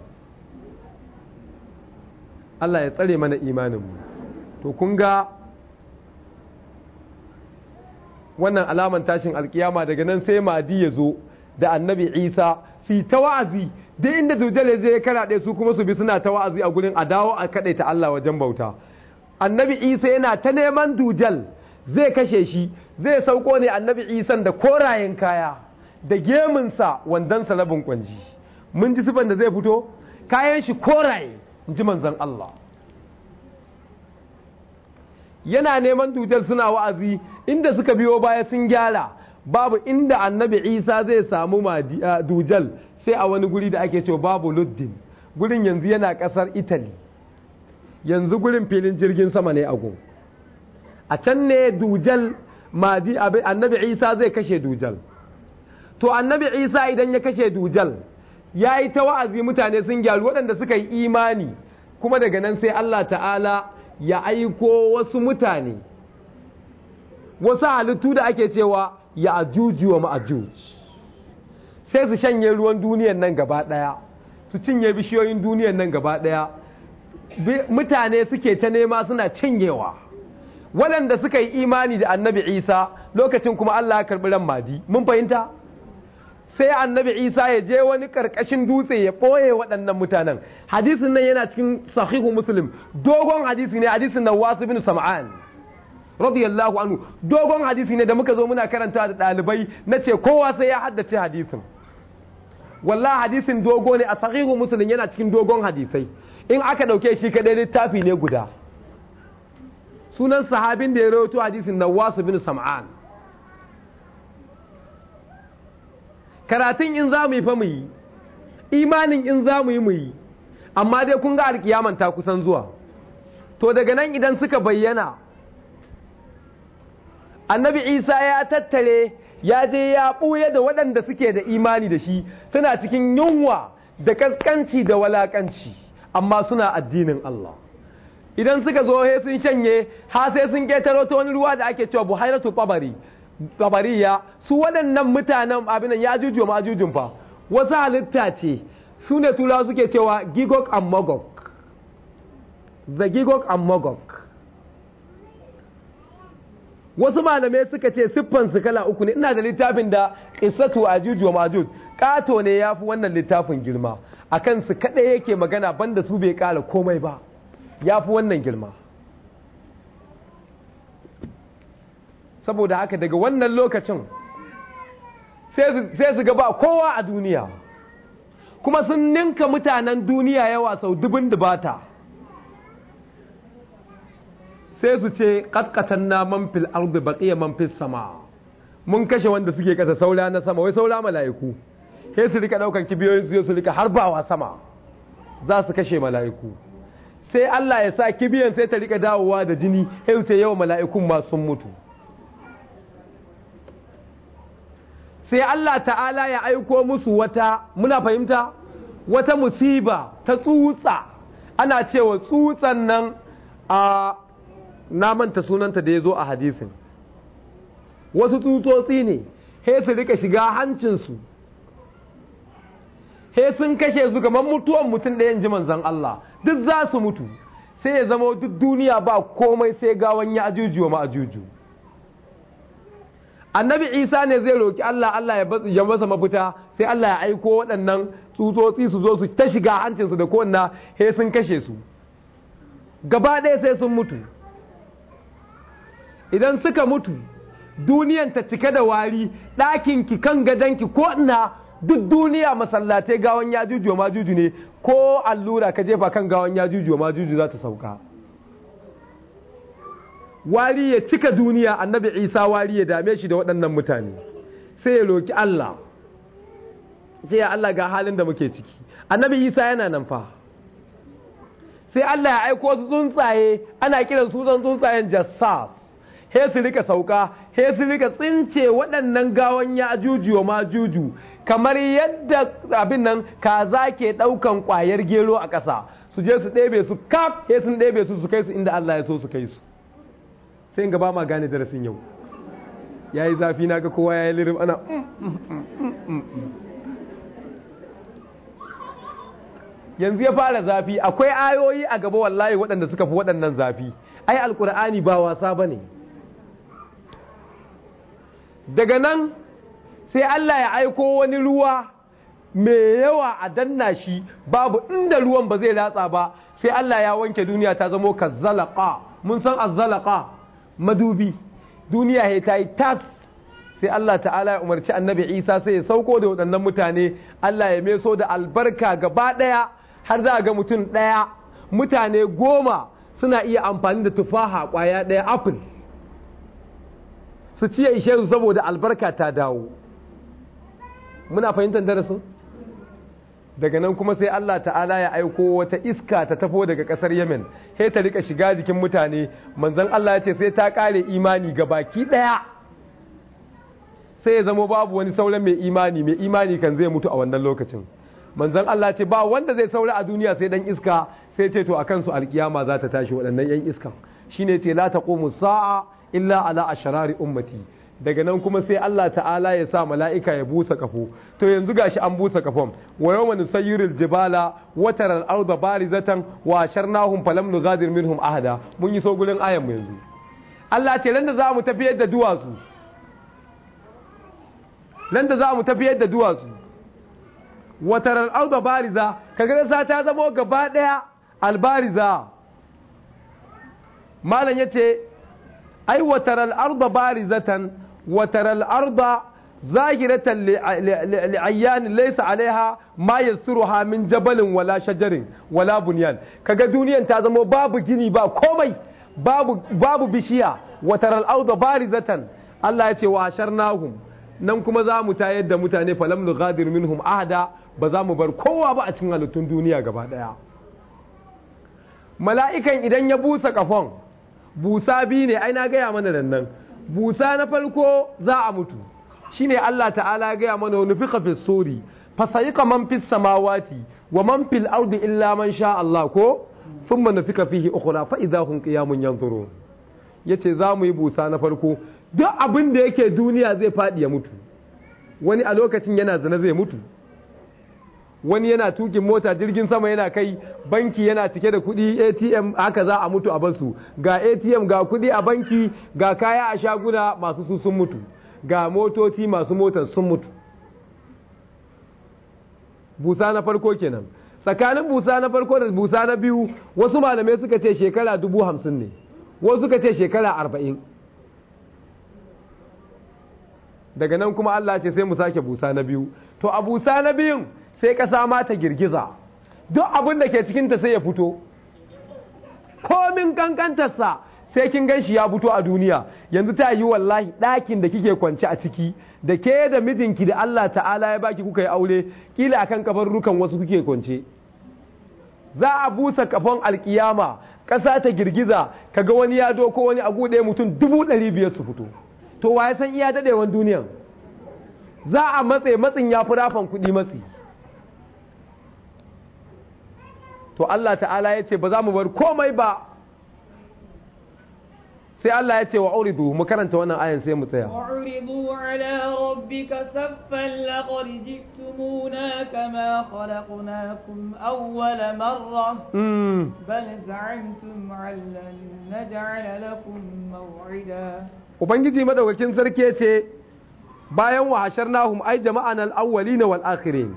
Allah ya tsare mana imaninmu to kun ga wannan alaman tashin alkiyama daga nan sai Madi ya zo da annabi isa fi ta wa'azi duk inda dujjal zai ya karaɗe su kuma su bi suna ta wa'azi a gurin a kaɗai ta Allah wajen bauta annabi isa yana ta neman dujjal zai kashe shi zai sauko ne annabi Isa da korayen kaya da geminsa wandonsa na kwanji mun ji sifan da zai fito kayan shi koraye in ji manzan Allah yana neman dujjal suna wa'azi inda suka biyo baya sun gyara babu inda annabi isa zai samu dujal sai a wani guri da ake cewa babu luddin gurin yanzu yana kasar italy yanzu gurin filin jirgin sama ne agun a can ne dujal annabi isa zai kashe dujal to annabi isa idan ya kashe dujal ya yi ta wa'azi mutane sun gyaru waɗanda suka yi imani kuma daga nan sai allah ta'ala ya aiko wasu mutane wasu halittu da ake cewa ya ajuji wa ma'ajuj sai su shanye ruwan duniyan nan gaba ɗaya su cinye bishiyoyin duniyan nan gaba ɗaya mutane suke ta nema suna cinyewa waɗanda suka yi imani da annabi isa lokacin kuma allah ya karɓi ran madi mun fahimta sai annabi isa ya je wani ƙarƙashin dutse ya ɓoye waɗannan mutanen hadisin nan yana cikin sahihu muslim dogon hadisi ne hadisin nan wasu bin sam'an radiyallahu anhu dogon hadisi ne da muka zo muna karanta da dalibai ce kowa sai ya haddace hadisin wallahi hadisin dogo ne a sahihu muslim yana cikin dogon hadisai in aka dauke shi kadai littafi ne guda sunan sahabin da ya rawaito hadisin Nawas bin Sam'an karatun in za mu yi fa mu yi imanin in za mu yi mu yi amma dai kun ga alkiyaman ta kusan zuwa to daga nan idan suka bayyana annabi isa ya tattare ya je ya ɓuya da waɗanda suke da imani da shi suna cikin yunwa da kaskanci da walakanci amma suna addinin Allah idan suka zo he sun shanye ha sai sun ƙetare ta wani ruwa da ake cewa buhairatu babari babariya su waɗannan mutanen abinan ya jujuwa ma jujun fa wasu halitta ce su ne tura suke cewa gigok and magog the gigok and magog wasu malamai suka ce siffan su kala uku ne ina da littafin da qissatu ajuj wa majuj kato ne yafi wannan littafin girma akan su kada yake magana banda su bai kala komai ba yafi wannan girma saboda haka daga wannan lokacin sai su gaba kowa a duniya kuma sun ninka mutanen duniya yawa sau dubin dubata sai su ce katkatan na man fil baqiya man sama mun kashe wanda suke kasa saura na sama wai saura mala'iku sai su rika daukan kibiyoyin su su rika harbawa sama za su kashe mala'iku sai Allah ya sa kibiyan sai ta rika dawowa da jini sai su ce yau mala'ikun ma sun mutu sai Allah ta'ala ya aiko musu wata muna fahimta wata musiba ta tsutsa ana cewa tsutsan nan a na manta sunanta da ya zo a hadisin wasu tsutsotsi ne he su rika shiga hancinsu he sun kashe su kamar mutuwan mutum ɗayan jiman manzan Allah duk za su mutu sai ya zama duk duniya ba komai sai gawan ya ajuju wa ma'ajuju annabi isa ne zai roki Allah Allah ya masa mafita sai Allah ya aiko waɗannan tsutsotsi su zo su ta shiga hancinsu da kowanne he sun kashe su gaba ɗaya sai sun mutu idan suka mutu duniyan ta cike da wari ɗakin ki kan gadon ki ko ina duk duniya masallatai gawan ya jujuwa ma juju ne ko allura ka jefa kan gawan ya jujuwa ma juju za ta sauka wari ya cika duniya annabi isa wari ya dame shi da waɗannan mutane sai ya roki allah ce ya allah ga halin da muke ciki annabi isa yana nan fa sai allah ya aiko tsuntsaye ana kiran su tsuntsayen jassas he su rika sauka he su rika tsince waɗannan gawan ya juju ma juju kamar yadda abin nan kaza ke ɗaukan ƙwayar gero a ƙasa su je su ɗebe su kaf he sun ɗebe su su kai su inda Allah ya so su kai su sai in gaba ma gane darasin yau ya yi zafi na ga kowa ya yi lirim ana mm, mm, mm, yanzu ya fara zafi akwai ayoyi a gaba wallahi waɗanda suka fi waɗannan zafi ai alkur'ani ba wasa ba ne daga nan sai Allah ya aiko wani ruwa mai yawa a danna shi babu inda ruwan ba zai latsa ba sai Allah ya wanke duniya ta zamo kazzalaka mun san azzalaka madubi duniya ya ta yi tas sai Allah ta'ala ya umarci annabi Isa sai ya sauko da waɗannan mutane Allah ya meso da albarka gaba ɗaya har za a ga mutum ɗaya mutane goma suna iya amfani da tufaha ƙwaya ɗaya apple su ciye ishe su saboda albarka ta dawo muna fahimtar darasin daga nan kuma sai Allah ta'ala ya aiko wata iska ta tafo daga kasar Yemen sai ta rika shiga jikin mutane manzon Allah ya ce sai ta kare imani ga baki daya sai ya zama babu wani sauran mai imani mai imani kan zai mutu a wannan lokacin manzon Allah ce ba wanda zai saura a duniya sai dan iska sai ce to akan su alkiyama za ta tashi waɗannan yan iskan shine ce la taqumu sa'a illa ala asharari ummati daga nan kuma sai Allah ta'ala ya sa mala'ika ya busa kafo to yanzu gashi an busa kafon wa yawma sayyiril jibala wa taral arda barizatan wa asharnahum falam nughadir minhum ahada mun yi so gurin ayan mu yanzu Allah ce landa za mu tafiyar da duwatsu landa za mu tafiyar da duwatsu wa taral arda bariza kaga sa ta zama gaba daya albariza malam yace ai watar al'arda barizatan watar al'arda zahiratan laysa alaiha ma yasturuha min jabalin wala shajarin wala bunyan kaga duniyan ta zama babu gini ba komai babu babu bishiya watar al'arda barizatan Allah ya ce wa asharnahum nan kuma za mu tayar da mutane falam nughadir minhum ahada ba za mu bar kowa ba a cikin halittun duniya gaba daya mala'ikan idan ya busa kafon busa biyu ne ai na gaya mana nan busa na farko za a mutu shine Allah ta'ala gaya mana wani fi fi suri fasayika man fis samawati wa man fil ardi illa man sha Allah ko thumma nafika fihi ukhra fa idza hum qiyamun yanzurun yace za mu yi busa na farko duk abin da yake duniya zai fadi ya mutu wani a lokacin yana zana zai mutu wani yana tukin mota jirgin sama yana kai banki yana cike da kuɗi atm haka za a mutu a basu ga atm ga kuɗi a banki ga kaya a shaguna masu su sun mutu ga motoci masu motar sun mutu busa na farko kenan tsakanin busa na farko da busa na biyu wasu malamai suka ce shekara dubu hamsin ne wasu suka ce shekara arba'in daga nan kuma allah ce sai mu sake busa na biyu to a busa na biyun sai ƙasa ma ta girgiza duk abin da ke cikinta sai ya fito komin kankantarsa sai kin gan shi ya fito a duniya yanzu ta yi wallahi ɗakin da kike kwance a ciki da ke da mijinki da Allah ta'ala ya baki kuka yi aure kila akan rukan wasu kuke kwance za a busa kafan alkiyama ƙasa ta girgiza ka ga wani ya doko wani a guɗe mutum dubu ɗari biyar su fito to wa ya san iya daɗewan duniyan za a matse matsin ya fi rafan kuɗi matsi to Allah ta'ala ya ce ba za mu bar komai ba sai Allah ya ce wa auridu mu karanta wannan ayan sai mu tsaya auridu ala rabbika saffan laqad jiktumuna kama khalaqnakum awwala marra hmm. bal za'amtum allan naj'ala lakum maw'ida ubangiji madaukakin sarki ce bayan wa nahum, ay jama'an al-awwalina wal akhirin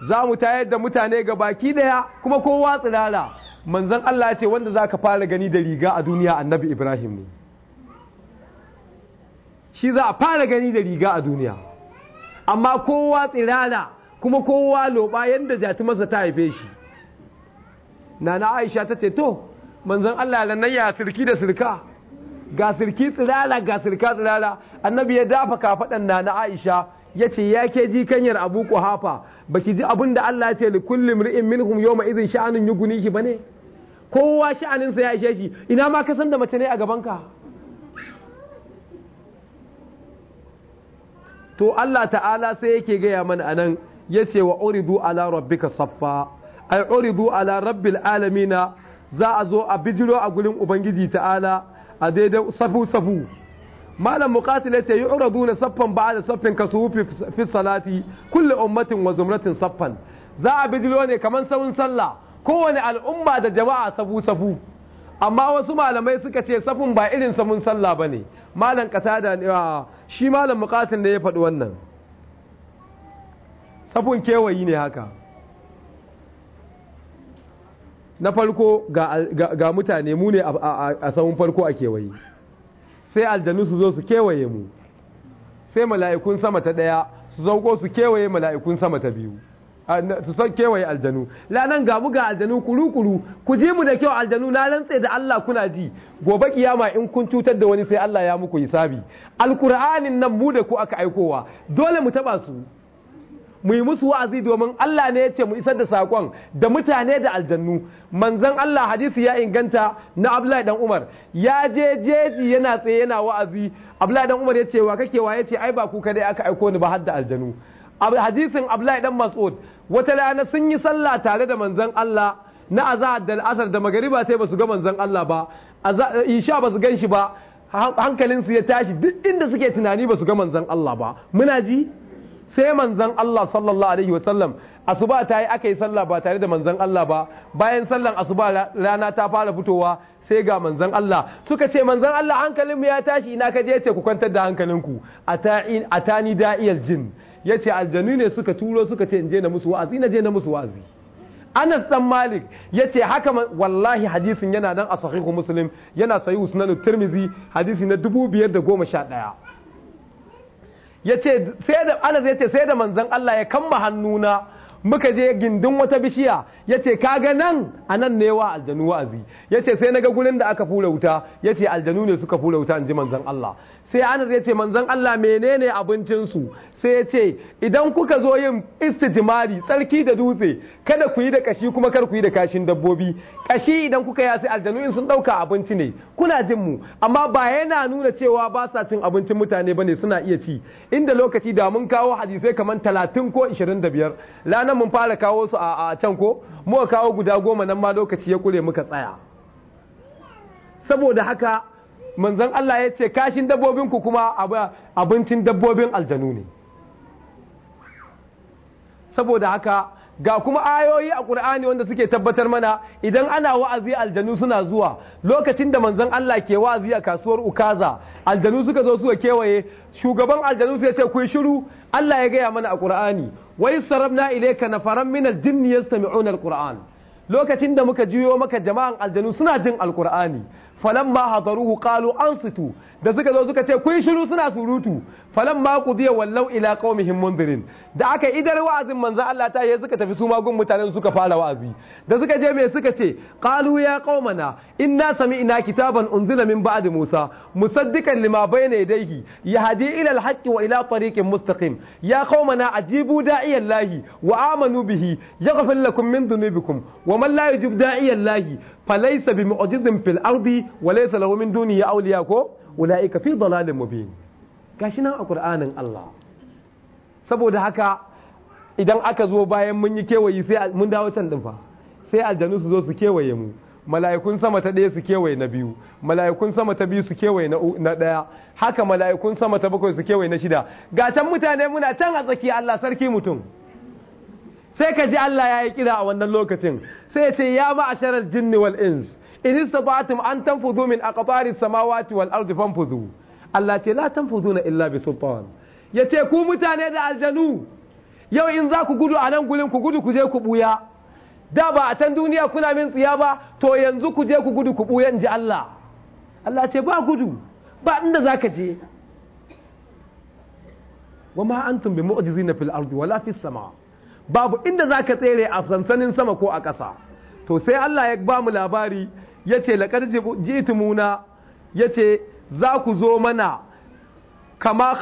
za mu tayar da mutane ga baki daya kuma kowa tsirara manzan Allah ce wanda zaka fara gani da riga a duniya annabi Ibrahim ne shi za a fara gani da riga a duniya amma kowa tsirara kuma kowa loba yadda jatumarsa ta haife shi nana Aisha ta ce to manzon Allah da nan ya sirki da sirka ga sirki tsirara ga sirka tsirara annabi ya dafa kafaɗan nana Aisha ya ce ya ke ji kanyar Abu hafa. baki ji abin da Allah ya ce li kulli mri'in minhum yawma idhin sha'anun shi bane kowa sha'anin sa ya ishe shi ina ma ka san da mace ne a gaban ka to Allah ta'ala sai yake gaya mana anan yace wa uridu ala rabbika saffa ay uridu ala rabbil alamina za a zo a bijiro a gurin ubangiji ta'ala a daidai safu safu malam muqatil yace yu'raduna saffan ba'da saffin kasufi fi salati kullu ummatin wa zumratin saffan za a bijilo ne kaman sawun sallah kowane al'umma da jama'a sabu sabu amma wasu malamai suka ce safin ba irin samun sallah bane malam qatada ah, shi malam muqatil ne ya faɗi wannan safin kewayi ne haka na farko ga mutane mu ne a sahun farko a kewayi. sai aljanu su zo su kewaye mu sai mala'ikun sama ta ɗaya su zauko su kewaye mala'ikun sama ta biyu su san kewaye aljanu lanan ga ga aljanu kuru-kuru ku ji mu da kyau aljanu na rantse da Allah kuna ji gobe kiyama in kun cutar da wani sai Allah ya muku hisabi alkur'anin nan mu da ku aka aikowa dole mu taba su mu yi musu wa'azi domin Allah ne ya ce mu isar da saƙon da mutane da aljannu Manzan Allah hadisi ya inganta na Abdullahi dan Umar ya je jeji yana tsaye yana wa'azi Abdullahi dan Umar ya ce wa kake wa ya ce ai ba ku kadai aka aiko ni ba har da aljanu hadisin Abdullahi dan Mas'ud wata rana sun yi sallah tare da manzan Allah na azahar da al'asar da magariba sai basu ga manzan Allah ba insha basu gan shi ba hankalinsu ya tashi duk inda suke tunani basu ga manzan Allah ba muna ji sai manzan Allah sallallahu alaihi wasallam asuba ta yi aka yi sallah ba tare da manzan Allah ba bayan sallan asuba rana ta fara fitowa sai ga manzan Allah suka ce manzan Allah hankalinmu ya tashi ina ka je ce ku kwantar da hankalinku atani da'iyal jin yace aljanu ne suka turo suka ce in je na musu wa'azi na je na musu wa'azi Anas dan Malik yace haka wallahi hadisin yana nan a sahihu Muslim yana sahihu sunan Tirmidhi hadisi na biyar da goma sha ɗaya. yace sai da Anas yace sai da manzon Allah ya kamba hannuna muka je gindin wata bishiya yace kaga nan anan ne wa aljanu wa'azi yace sai naga gurin da aka fura wuta yace aljanu ne suka fura wuta ji manzan Allah sai anas ya ce manzon Allah menene abincinsu sai ya ce idan kuka zo yin istijmari tsarki da dutse kada ku yi da kashi kuma kar ku yi da kashin dabbobi kashi idan kuka ya sai aljanu in sun dauka abinci ne kuna jin mu amma ba yana nuna cewa ba sa cin abincin mutane bane suna iya ci inda lokaci da mun kawo hadisai kamar 30 ko 25 lanan mun fara kawo su a can ko mu kawo guda goma nan ma lokaci ya kure muka tsaya saboda haka manzon Allah ya ce kashin dabbobin ku kuma abincin dabbobin aljanu ne saboda haka ga kuma ayoyi a ƙurani wanda suke tabbatar mana idan ana wa'azi aljanu suna zuwa lokacin da manzon Allah ke wa'azi a kasuwar Ukaza aljanu suka zo suka kewaye shugaban aljanu suka ce ku shiru Allah ya gaya mana a ƙurani wai sarabna na nafaran min aljinni yastami'una alquran lokacin da muka juyo maka jama'an aljanu suna jin alqur'ani falamma hadaruhu qalu ansitu da suka zo suka ce kun shiru suna surutu falan ma ku diya wallau ila qaumihim mundirin da aka idar wa'azin manzo Allah ta yi suka tafi su ma gun mutanen suka fara wa'azi da suka je me suka ce qalu ya qaumana inna sami'na kitaban unzila min ba'di Musa musaddiqan lima bayna yadayhi yahdi ila ilal hakki wa ila tariqin mustaqim ya qaumana ajibu da'iya Allah wa amanu bihi yaghfir lakum min dhunubikum wa man la yujib da'iya Allah falaysa bimu'jizin fil ardi wa laysa lahu min dunihi awliya ko ulaika fi dhalalin mubin gashi nan a ƙur'anin Allah saboda haka idan aka zo bayan mun yi kewayi sai mun dawo can din fa sai aljanu su zo su kewaye mu mala'ikun sama ta ɗaya su kewaye na biyu mala'ikun sama ta biyu su kewaye na ɗaya haka mala'ikun sama ta bakwai su kewaye na shida ga can mutane muna can a tsaki Allah sarki mutum sai ka ji Allah ya yi kira a wannan lokacin sai ya ce ya a sharar jinni wal ins in istata'tum an tanfudhu min aqbaris samawati wal ardi fanfudhu Allah ce la tanfuzuna illa bi sultan yace ku mutane da aljanu yau in za ku gudu a nan gurin ku gudu ku je ku buya da ba a can duniya kuna min tsiya ba to yanzu ku je ku gudu ku buya in ji Allah Allah ce ba gudu ba inda zaka je wama antum bi mu'jizina fil ardi wala fis sama babu inda zaka tsere a sansanin sama ko a ƙasa to sai Allah ya ba mu labari yace laqad ji'tumuna yace za ku zo mana kama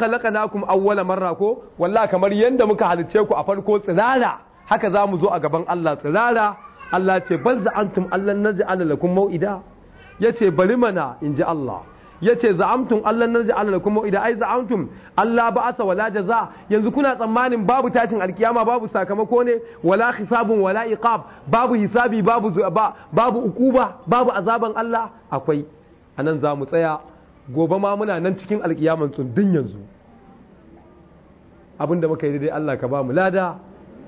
kuma awwala marra ko wallahi kamar yadda muka halicce ku a farko tsirara haka za mu zo a gaban Allah tsirara Allah ce bal za'antum allan naj'ala lakum mau'ida ce bari mana in ji Allah Ya ce yace za'amtum allan ala lakum mau'ida ai za'amtum Allah ba ba'asa wala jaza yanzu kuna tsammanin babu tashin alkiyama babu sakamako ne wala hisabun wala iqab babu hisabi babu babu ukuba babu azaban Allah akwai anan za mu tsaya gobe ma muna nan cikin alkiyaman tsundun yanzu abinda muka yi dai Allah ka ba mu lada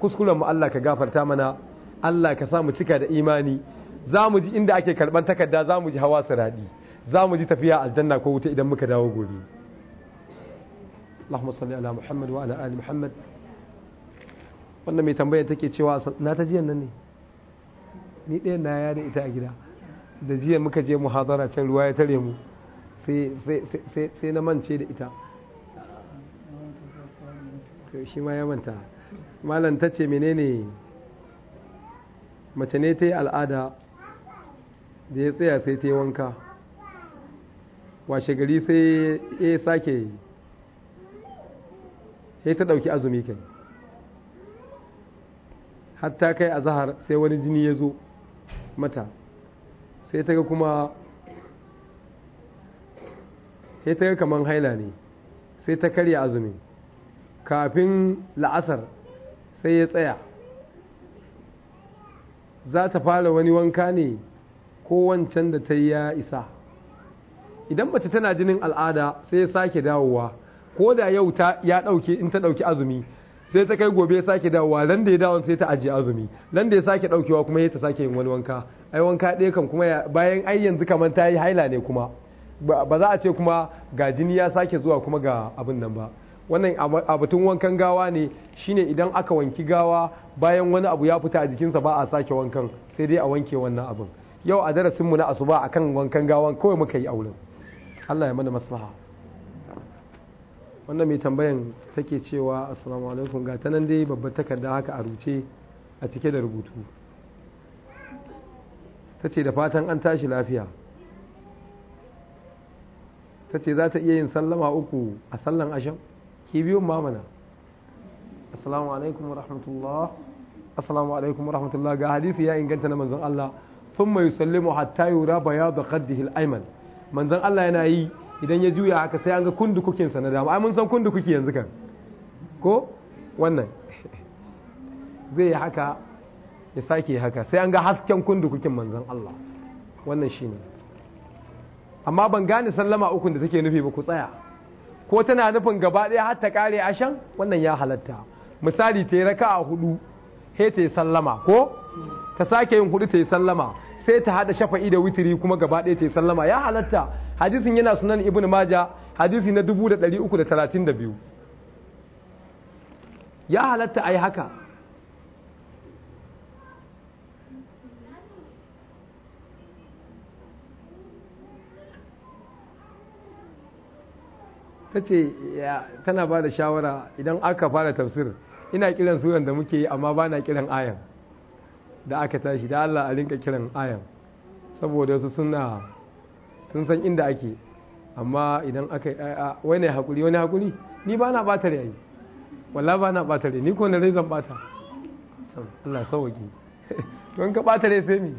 kuskuren mu Allah ka gafarta mana Allah ka sa mu cika da imani za mu ji inda ake karban takarda za mu ji hawa saradi za mu ji tafiya aljanna ko wuta idan muka dawo gobe Allahumma salli ala Muhammad wa ala ali Muhammad wannan mai tambaya take cewa na ta jiyan nan ne ni ɗaya na ya da ita a gida da jiya muka je muhadara can ruwa ya tare mu sai na mance da ita shi ma ya manta malam ta ce menene mace ne ta yi al'ada da ya tsaya sai ta yi wanka washe gari sai ya sake ya ta ɗauki azumi kai hatta kai a zahar sai wani jini ya zo mata sai ta ga kuma sai ta yi kaman haila ne sai ta karya azumi kafin la'asar sai ya tsaya za ta fara wani wanka ne ko wancan da ta yi ya isa idan mace tana jinin al'ada sai ya sake dawowa ko da yau ta ya dauke in ta ɗauki azumi sai ta kai gobe ya sake dawowa ran da ya dawon sai ta ajiye azumi ran da ya sake daukewa kuma ya ta sake yin wani wanka ai wanka ɗaya kan kuma bayan ai yanzu kamar ta yi haila ne kuma ba za a ce kuma ga jini ya sake zuwa kuma ga abin nan ba wannan a batun wankan gawa ne shine idan aka wanki gawa bayan wani abu ya fita a jikinsa ba a sake wankan sai dai a wanke wannan abin yau a darasinmu na asuba a kan wankan gawan kawai muka yi aurin Allah ya mana maslaha wannan mai tambayan take cewa assalamu alaikum ga ta nan dai babbar takarda haka a ruce a cike da rubutu ta ce da fatan an tashi lafiya ta ce za ta iya yin sallama uku a sallan asham ki biyun mamana assalamu alaikum wa rahmatullah assalamu alaikum wa rahmatullah ga hadisi ya inganta na manzon Allah mai yusallimu hatta yura bayadu khaddihi al-ayman manzon Allah yana yi idan ya juya haka sai an ga kundukukin sa na dama ai mun san kundukuki yanzu kan ko wannan zai yi haka ya sake haka sai an ga hasken kundukukin manzon Allah wannan shine amma ban gane sallama ukun da take nufi ba ku tsaya ko tana nufin gaba ɗaya har ta kare ashan wannan ya halatta misali ta yi raka a hudu he ta yi sallama ko ta sake yin hudu ta yi sallama sai ta hada shafa'i da witiri kuma gaba ɗaya ta yi sallama ya halatta hadisin yana sunan ibn maja hadisi na da da biyu ya halatta a yi haka ta ce tana ba da shawara idan aka fara tafsir ina kiran suran da muke yi amma ba na kiran ayan da aka tashi da Allah a rinka kiran ayan saboda su suna sun san inda ake amma idan aka wani hakuri wani hakuri ni ba na ɓata rai walla ba na ɓata rai ni ko na rai zan bata Allah sauwaki don ka ɓata rai sai mi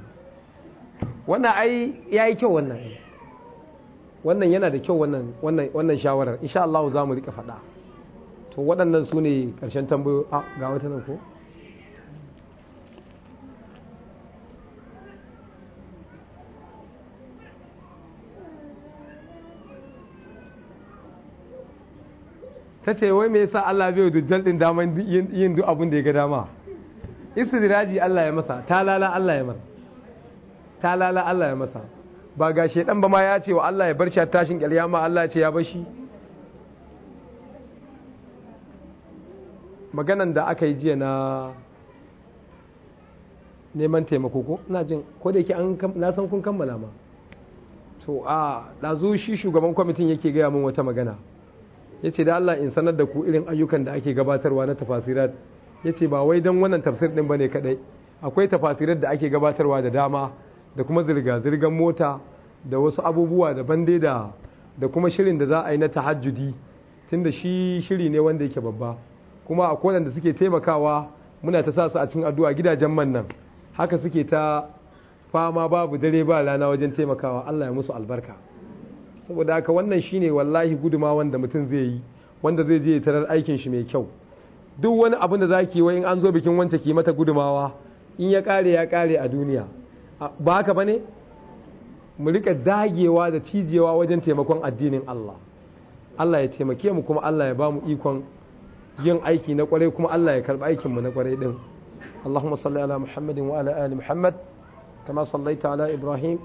wannan ai ya yi kyau wannan wannan yana da kyau wannan shawarar insha Allah za mu rika faɗa to waɗannan su ne ƙarshen tambayo a ga wata nan ko ta ce wai me yasa Allah bai dujjal din daman yin duk abin da ya ga dama istidraji Allah ya masa talala Allah ya masa talala Allah ya masa ba ga shaidan ba ma ya ce wa Allah ya bar shi tashin kiyama Allah ce ya bar shi maganan da aka yi jiya na neman taimako ko na jin ko da yake na san kun kammala ma to a ɗazu shi shugaban kwamitin yake gaya min wata magana ya ce da Allah in sanar da ku irin ayyukan da ake gabatarwa na tafasirat ya ce ba wai don wannan tafsir ɗin ba ne kaɗai akwai tafasirar da ake gabatarwa da dama da kuma zirga-zirgar mota da wasu abubuwa da bande da da kuma shirin da za a yi na tahajjudi tunda shi shiri ne wanda yake babba kuma a da suke taimakawa muna ta sa su a cikin addu'a gidajen man nan haka suke ta fama babu dare ba rana wajen taimakawa Allah ya musu albarka saboda haka wannan shi ne wallahi guduma wanda mutum zai yi wanda zai je ya tarar aikin shi mai kyau duk wani abin da zaki yi in an zo bikin wance ki mata gudumawa in ya kare ya kare a duniya ba haka bane mu rika dagewa da cijewa wajen taimakon addinin Allah Allah ya taimake mu kuma Allah ya ba mu ikon yin aiki na kwarai kuma Allah ya karba aikinmu na kwarai ɗin. Allahumma salli ala Muhammadin wa ala ali Muhammad kama sallaita ala Ibrahim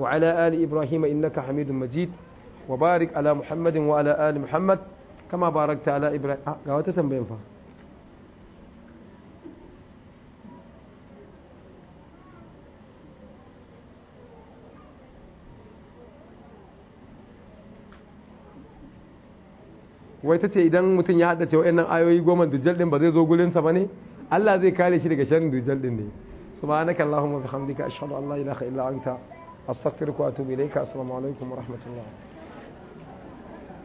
wa ala ali Ibrahim innaka Hamidum Majid wa barik ala Muhammadin wa ala ali Muhammad kama barakta ala Ibrahim ah, ga wata tambayan fa wai ta ce idan mutum ya haddace ɗan ayoyi goma dujjal din ba zai zo sa ba ne Allah zai kare shi daga shan dujjal ɗin ne subhanaka allahumma bihamdika ashhadu an la ilaha illa anta astaghfiruka wa atubu ilayka assalamu alaikum wa rahmatullahi